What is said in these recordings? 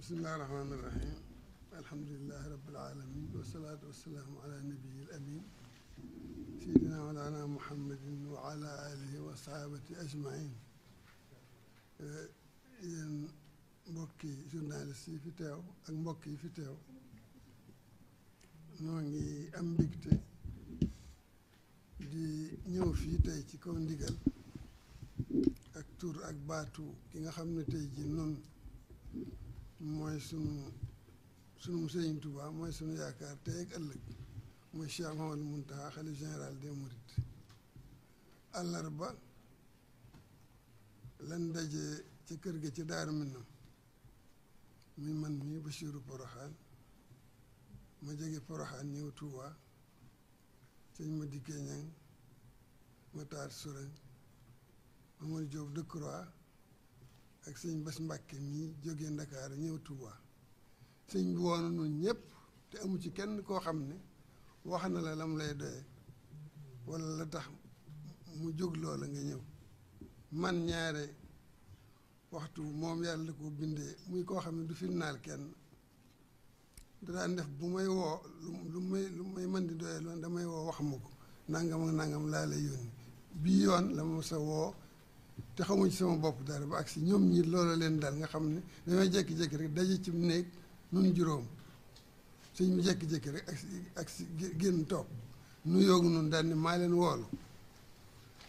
بسم الله الرحمن الرحيم الحمد لله رب العالمين والصلاة والسلام على النبي الأمين سيدنا مولانا محمد وعلى آله وصحابته أجمعين yéen mbokki في تاو fi teew ak mbokk yi fi دي noo ngi am mbégte tur ak baatu ki nga xam ne tey ji noonu mooy sunu sunu Sëriñ Tuubaa mooy sunu yaakaar tey ak ëllëg mooy Cheikh Mouhamadou Mountakha xalifa général des Mourides àllarba lan daje ci kër gi ci Daaru Minam mi man mii Bachiru Poroxaan ma jóge Poroxaan ñëw Tuubaa sëñ ma dikkee ñang ma taar surañ Mamadou Diop Decroix ak sëñ Bass Mbàkke mii jóge Ndakaar ñëw Touba sëñ bi woon noonu ñëpp te amu ci kenn koo xam ne wax na la lam lay doye wala la tax mu jóg loola nga ñëw man ñaare waxtu moom yàlla ko bindee muy koo xam ne du firnaal kenn da daan def bu may woo lu may lu mën di doye loon damay woo wax ma ko nangam ak nangam laa lay yónni bii yoon la ma sa woo te xamuñ sama bopp dara ba si ñoom ñi loola leen daal nga xam ne damay jékki-jékki rek daje ci néeg nun juróom suñ mu jékki-jékki rek agsi agsi génn toog nu yoogu nun daal ni maa leen woolu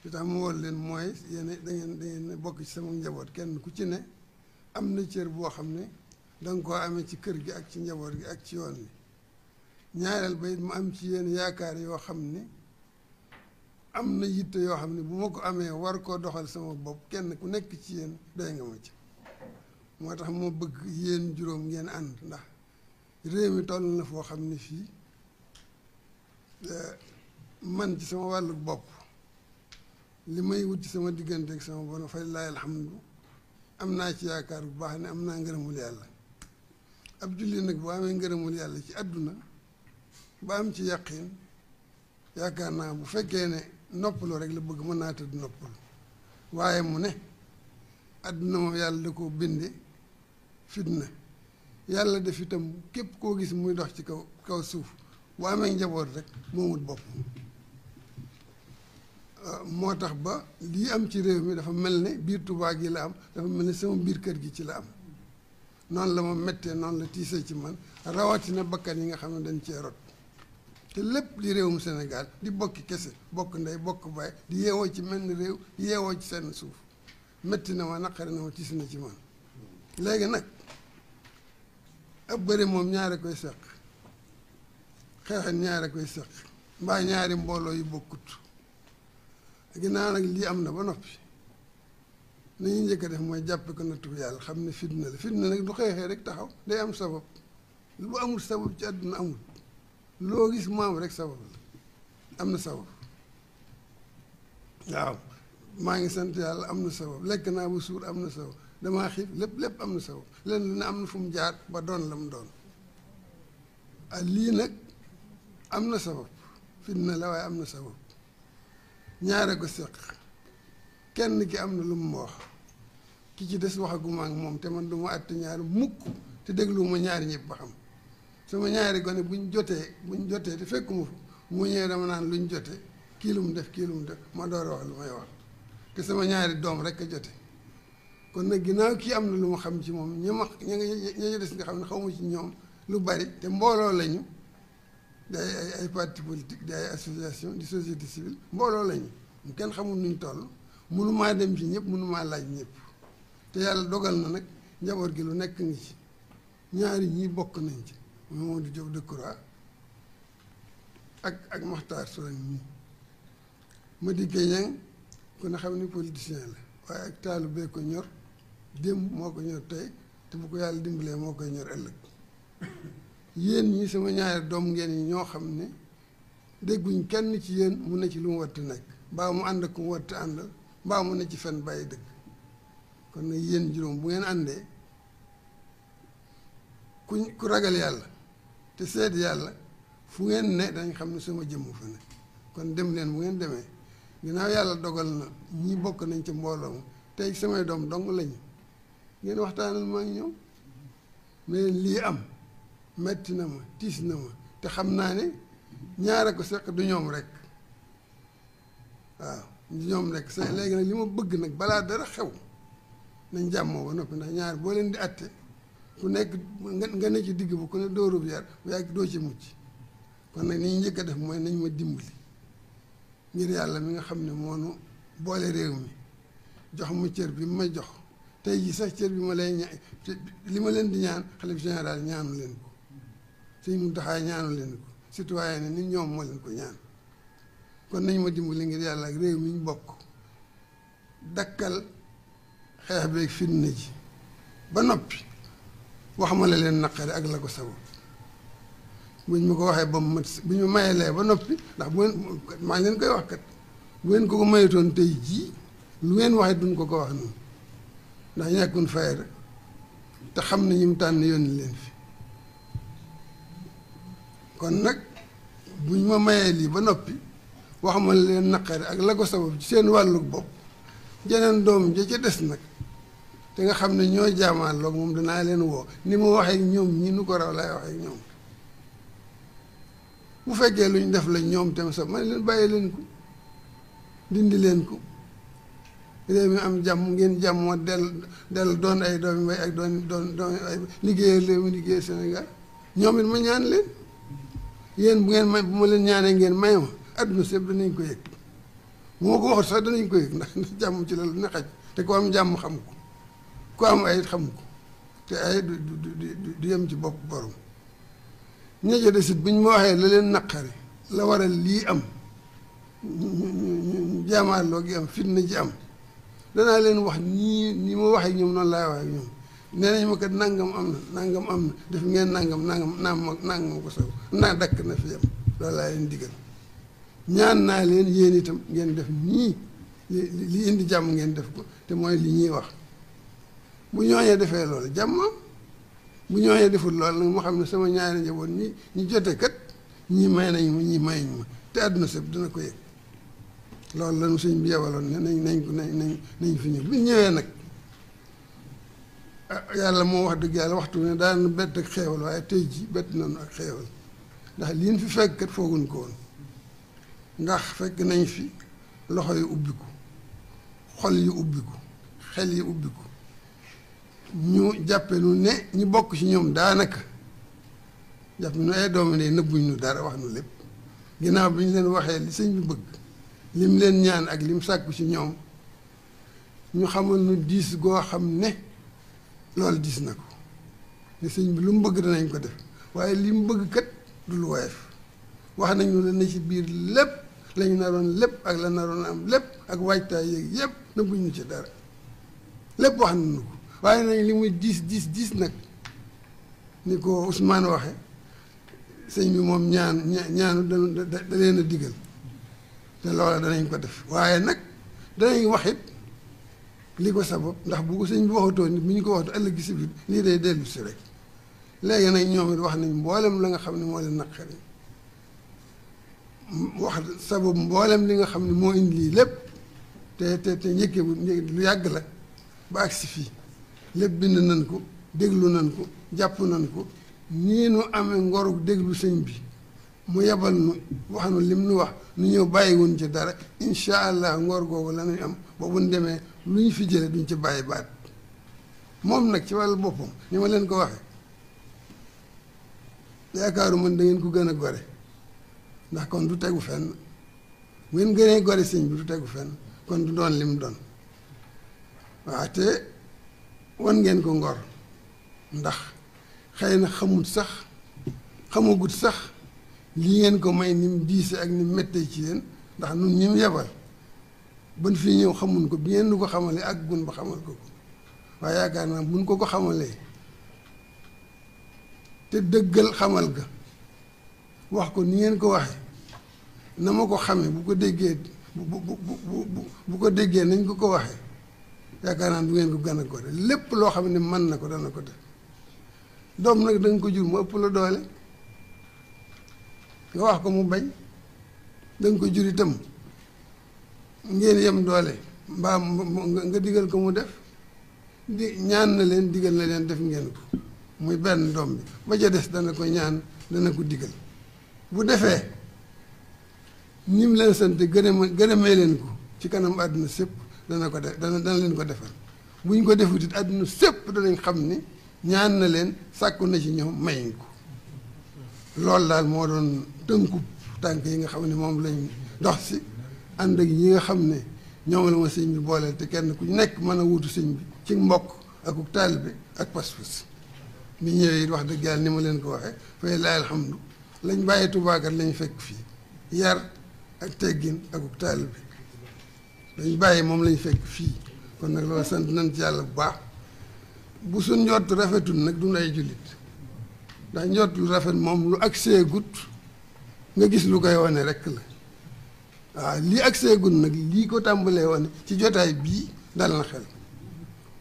te tax mu woolu leen mooy yéen da ngeen bokk ci sama njaboot kenn ku ci ne am na cër boo xam ne danga koo amee ci kër gi ak ci njaboot gi ak ci yoon wi ñaareel ba it mu am ci yenn yaakaar yoo xam ne am na yitte yoo xam ne bu ma ko amee war koo doxal sama bopp kenn ku nekk ci yéen doy nga ma ci moo tax ma bëgg yéen juróom ngeen ànd ndax réew mi toll na foo xam ne fii eh, man ci sama wàll bopp li may wut ci sama diggante ak sama borom fay laay alhamdu am naa ci yaakaar bu baax ne am naa ngërëmul yàlla ab julli nag boo amee ngërëmul yàlla ci àdduna ba am ci yàqin yaakaar naa bu fekkee ne noppaloo rek la bëgg mën naa tëdd noppalu waaye mu ne àdduna moom yàlla da koo binde fitna yàlla def itam képp koo gis muy dox ci kaw kaw suuf bu amee njaboot rek moomut bopp ah, moo tax ba lii am ci réew mi dafa mel ni biir Tuubaa gi la am dafa mel ni sama biir kër gi ci la am noonu la ma mettee noonu la tiisee ci man rawatina bakkan yi nga xam ne dañ cee rot te lépp di réewum Sénégal di bokki kese bokk ndey bokk baay di yeewoo ci mel ni réew di yeewoo ci seen suuf metti na ma naqari na ma tiis na ci man léegi nag ab bëri moom ñaare koy seq xeexen ñaare koy seq mbaa ñaari mbooloo yu bokkut ginnaaw nag lii am na ba noppi li ñuy njëkk def mooy jàppe ko nattu yàlla xam ne fitna la fitna nag du xeexee rek taxaw day am sabab lu amul sabab ci àdduna amul loo gis mu am rek sabab am na sabab waaw maa ngi sant yàlla am na sabab lekk naa ba suur am na sabab damaa xiif lépp lépp am na sabab leen lu ne am na fu mu jaar ba doon la doon ah, lii nag am na sabab fitna la waaye am na sabab ñaare ko séq kenn ki am na lu mu wax ki ci des waxagumaak moom te man du ma àtte ñaari mukk te ma ñaari ñëpp ba xam sama ñaari gone buñ jotee buñ jotee te fekkuma fa mu ñëwee dama naan luñ jotee kii lu mu def kii lu mu def ma door a wax lu may wax te sama ñaari doom rek a jote kon nag ginnaaw kii am na lu ma xam ci moom ñi ma ña ña des nga xam ne xawma ci ñoom lu bari te mbooloo lañu day ay ay parti politique day ay association di mbooloo lañu mu kenn xamul nuñ toll mënumaa dem ci ñëpp mënumaa laaj ñëpp te yàlla dogal na nag njaboot gi lu nekk ngi ci ñaari ñii bokk nañ ci di Diop Decroix ak ak Makhtar Sourang mi Madické Niang ku ne xam ni politicien la waaye ak taalu bee ko ñor démb moo ko ñor tey te bu ko yàlla dimbalee moo koy ñor ëllëg yéen ñi sama ñaari doom ngeen yi ñoo xam ne dégguñ kenn ci yéen mun na ci lu mu watt nekk mbaa mu ànd ak mu watt ànd mbaa mu ne ci fen bàyyi dëkk kon nag yéen juróom bu ngeen àndee ku ragal yàlla te seet yàlla fu ngeen ne dañ xam ne suma jëmm fa ne kon dem leen bu ngeen demee ginnaaw yàlla dogal na ñii bokk nañ ci mbooloo tey samay doom dong lañu ngeen waxtaanal ma ak ñoom mais lii am metti na ma tiis na ma te xam naa ne ñaare ko seq du ñoom rek waaw du ñoom rek sa léegi nag li ma bëgg nag balaa dara xew nañ jàmmoo ba noppi ndax ñaar boo leen di atte ku nekk nga ne ci digg bu ku ne dóorub yar bu yàgg doo ci mucc kon nag ni ñu njëkk a def mooy nañ ma dimbali ngir yàlla mi nga xam ne moonu boole réew mi jox mu cër bi ma jox tey ji sax cër bi ma lay ña li ma leen di ñaan xalif général ñaanu leen ko suñ mu doxaay ñaanu leen ko citoyen ne nit ñoom moo leen ko ñaan kon nañ ma dimbali ngir yàlla ak réew mi ñu bokk dakkal xeex beeg fitna ji ba noppi wax ma la leen naqari ak la ko sabab buñ ma ko waxee ba mu bu ñu ma mayelee ba noppi ndax bu ngeen maa ngi leen koy wax kat bu ngeen ko ko mayetoon tey jii lu ngeen waxee duñ ko ko wax noonu ndax ñu nekkoon te xam na ñu mu tànn yónni leen fi kon nag buñ ma mayee lii ba noppi wax ma la leen naqari ak la ko sabab ci seen wàllu bopp jeneen doom ja ca des nag te nga xam ne ñoo jaamaan loo moom danaa leen woo ni mu waxee ñoom ñi nu ko raw laay waxee ñoom bu fekkee lu ñu def la ñoom tam sax man leen bàyyi leen ko dindi leen ko réew mi am jàmm ngeen jàmmoo del del doon ay doomi mbay ak doon doon doon ay liggéey Sénégal ñoom it ma ñaan leen yéen bu ngeen may bu ma leen ñaanee ngeen may ma adduna sépp danañ ko yëg moo ko waxut sax danañ ko yëg ndax jàmm ci la lu ne xaj te ko am jàmm xam ko ku am ay xamu ko te ay du du du yem ci bopp borom ñeje de sit bu ñu ma waxee la leen naqari la waral lii am ñu jaamaarloo gi am fitna ji am danaa leen wax nii ni ma waxee ñoom noonu laay waxee ñoom nee nañ ma kat nangam am na nangam am na def ngeen nangam nangam naam ma nangam ko saw naa dakk na fi am loolu laa leen digal ñaan naa leen yéen itam ngeen def nii li indi jàmm ngeen def ko te mooy li ñuy wax bu ñooñee defee loolu jàmm bu ñooñee deful loolu nag ma xam ne sama ñaari njaboot ni ñu jote kat ñii may nañ ma ñi mayuñ ma te àdduna sëb dina ko yëg loolu lañu sëñ bi yebaloon ne nañ nañ nañ nañ fi ñëw bi ñëwee nag ah, yàlla moo wax dëgg yàlla waxtu ne daan bett ak xeewal waaye tey ji bett nañu ak xeewal ndax liin fi fekk kat fooguñ ko woon ndax fekk nañ fi loxo yu ubbiku xol yu ubbiku xel yu ubbiku ñu jàppe nu ne ñu bokk ci ñoom daanaka jàpp nu ay doomu ne nëbbuñ nu dara wax nu lépp ginnaaw bi ñu leen waxee li sëñ bi bëgg lim leen ñaan ak lim sàkku ci ñoom ñu xamal nu diis goo xam ne loolu diis na ko ne sëñ bi lu mu bëgg danañ ko def waaye li mu bëgg kat du lu woyof wax nañu la ne ci biir lépp lañu naroon lépp ak la naroon am lépp ak waajtaay yépp nëbbuñ nu ci dara lépp wax nañu ko waaye nañ li muy diis diis diis nag ni ko Ousmane waxe sëñ bi moom ñaan ñaanu da da leen a digal te loola danañ ko def waaye nag danañ wax it li ko sabab ndax bu ko sëñ bi waxatoo ni bu ñu ko waxatoo ëllëg si biir lii day dellusi si rek léegi nag ñoom it wax nañ mboolem la nga xam ne moo leen naqari wax sabab mboolem li nga xam ne moo indi lii lépp te te te njëkkewul lu yàgg la ba agsi fii lépp bind nañ ko déglu nañ ko jàpp nañ ko nii nu amee ngoru déglu sëñ bi mu yebal nu wax nu lim nu wax nu ñëw bàyyiwuñ ci dara incha allah ngor googu la am ba bu demee lu ñu fi jële duñ ci bàyyi baat moom nag ci wàllu boppam ni ma leen ko waxee yaakaaru man dangeen ngeen ko gën a gore ndax kon du tegu fenn bu ngeen gënee gore sëñ bi du tegu fenn kon du doon lim doon waaw te wan ngeen ko ngor ndax xëy na xamul sax xamagut sax li ngeen ko may ni mu diise ak ni mu ci leen ndax nun ñi mu yebal ban fii ñëw xamun ko bi ngeen nu ko xamalee ak gun ba xamal ko ko waaye yaakaar naa buñ ko ko xamalee te dëggal xamal ga wax ko ni ngeen ko waxee na ma ko xamee bu ko déggee bu bu bu bu bu ko déggee nañ ko ko waxee yaakaar naa du ngeen ko gànnakoore lépp loo xam ne mën na ko dana ko def doom nag da ko jur mu ëpp la doole nga wax ko mu bañ da ko jur itam ngeen yem doole mbaa nga digal ko mu def di ñaan na leen digal na leen def ngeen ko muy benn doom bi ba ca des dana ko ñaan dana ko digal bu defee nim leen sant gëne gëne may leen ko ci kanam àdduna sépp dana ko def dana dana leen ko defal bu ñu ko defut it àdduna sépp danañ xam ni ñaan na leen sàkku na ci ñoom mayiñ ko loolu daal moo doon tënku tànk yi nga xam ni moom lañu dox si ànd ak ñi nga xam ne ñoom la ma sëñ bi booleel te kenn ku nekk mën a wutu sëñ bi ci mbokk ak bi ak pas-pas bi ñëwee it wax dëgg yàlla ni ma leen ko waxee fay laay alhamdu lañ bàyyi tubaakat lañ fekk fii yar ak teggin ak bi dañu bàyyi moom lañu fekk fii kon nag loolu sant nañ ci yàlla bu baax bu su njot rafetul nag du nay jullit ndax njott lu rafet moom lu agsee gut nga gis lu koy wane rek la waaw lii agsee gut nag lii ko tàmbalee wane ci jotaay bii dal na xel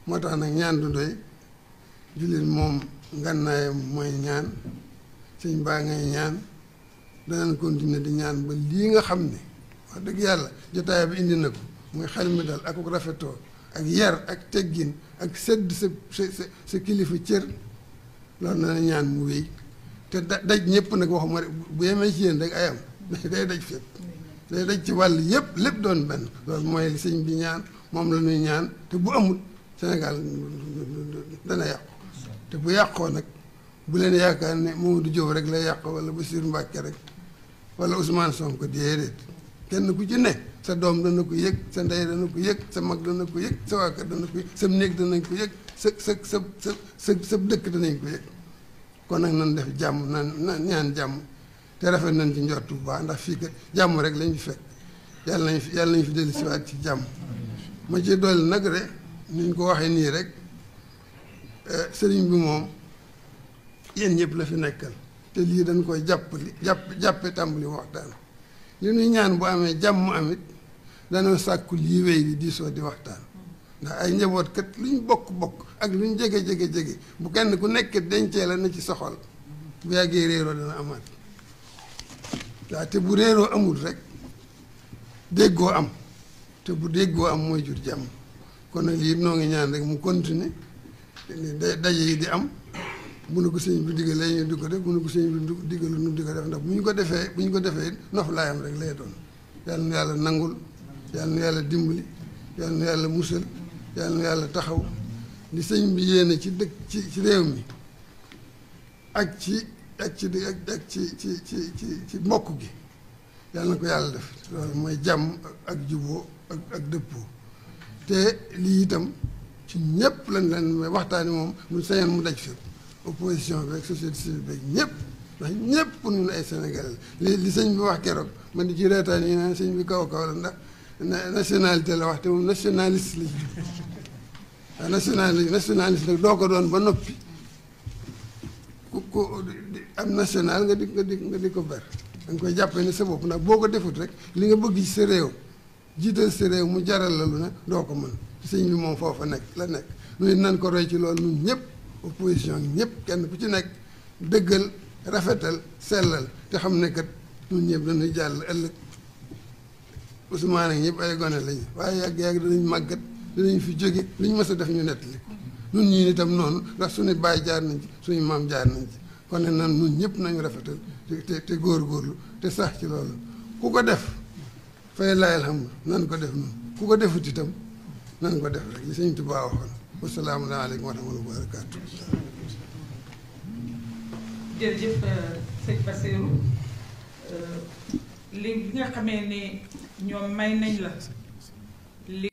moo tax nag ñaan du doy jullit moom ngannaayam mooy ñaan sëñ baa ngay ñaan danañ continuer di ñaan ba lii nga xam ne wax dëgg yàlla jotaay bi indi na ko muy xel mi dal ak rafetoo ak yar ak teggin ak sedd sa sa sa kilifa cër loolu na ñaan mu wéy te da daj ñëpp nag waxuma bu yemee ci yéen rek ayam day daj fépp day daj ci wàll yëpp lépp doon benn loolu mooy li sëñ bi ñaan moom la ñuy ñaan te bu amul Sénégal dana yàqu te bu yàqoo nag bu leen yaakaar ne du Diop rek lay yàq wala Bassirou Mbacké rek wala Ousmane Sonko déedéet kenn ku ci ne sa doom dana ko yëg sa ndey dana ko yëg sa mag dana ko yëg sa waa kër dana ko yëg sa néeg danañ ko yëg sa sa sa sa sa sa dëkk danañ ko yëg kon nag nan def jàmm nan nan ñaan jàmm te rafet nañ ci njortu bu baax ndax fii kat jàmm rek lañ fi fekk yàlla nañ fi yàlla nañ fi dellu siwaat ci jàmm ma ci dolli nag rek niñ ko waxee nii rek eh, sëriñ bi moom yéen ñëpp la fi nekkal te lii dañ koy jàppali jàpp jàppe tàmbali waxtaan li ñuy ñaan bu amee jàmm amit dana sàkkul yi wéy di diisoo di waxtaan ndax ay njaboot kat lu ñu bokk-bokk ak lu ñu jege jege jege bu kenn ku nekk dencee la na ci soxal bu yàggee réeroo dana amaat waaw te bu réeroo amul rek déggoo am te bu déggoo am mooy jur jàmm kon nag lii noo ngi ñaan rek mu continuer daje yi di am mun na ko sëñ bi digalee ñu di ko def mun na ko sëñ bi digalu nu di ko def ndax bu ñu ko defee bu ñu ko defee nof laayam rek lay doon yàlla nu yàlla nangul yàlla nu yàlla dimbali yàlla nu yàlla musal yàlla nu yàlla taxaw li sëñ bi yéene ci dëkk ci ci réew mi ak ci ak ci ak ci ci ci ci ci mbokk gi yàlla na ko yàlla def mooy jàmm ak juboo ak ak dëppoo te lii itam ci ñépp lañ leen waxtaani moom mu sañoon mu daj fépp opposition bi ak société civile bi ñëpp ndax ñëpp pour ñun ay Sénégalais li li sëñ bi wax keroog man di ci reetaan yi naan sëñ bi kaw kaw la ndax nationalité la wax te moom nationaliste lañ doo ko doon ba noppi ku ku am national nga di nga di nga di ko ber da koy jàppee ne sa bopp ndax boo ko defut rek li nga bëgg si réew jiital si réew mu jaral la lu ne doo ko mën sëñ bi moom foofa nekk la nekk ñun nan ko roy ci loolu ñun ñëpp opposition yi ñëpp kenn ku ci nekk dëggal rafetal sellal te xam ne kat ñun ñëpp dañuy jàll ëllëg Ousmane ak ñëpp ay gone lañu waaye yàgg-yàgg danañ màggat danañ fi jóge li ñu mës def ñu nettali ko ñun ñii itam noonu ndax suñu baay jaar nañ ci suñu maam jaar nañ ci kon ne nan ñun ñëpp nañu rafetal te te góorgóorlu te sax ci loolu ku ko def fay layal xam nan ko def noonu ku ko defut itam nan ko def rek li Sëñ Tuubaa waxoon wasalaamu aleykum wa rahmatullaahi wa barakaatu. jërëjëf euh, sëñ Bassirou euh, li nga xamee ne ñoom may nañ la.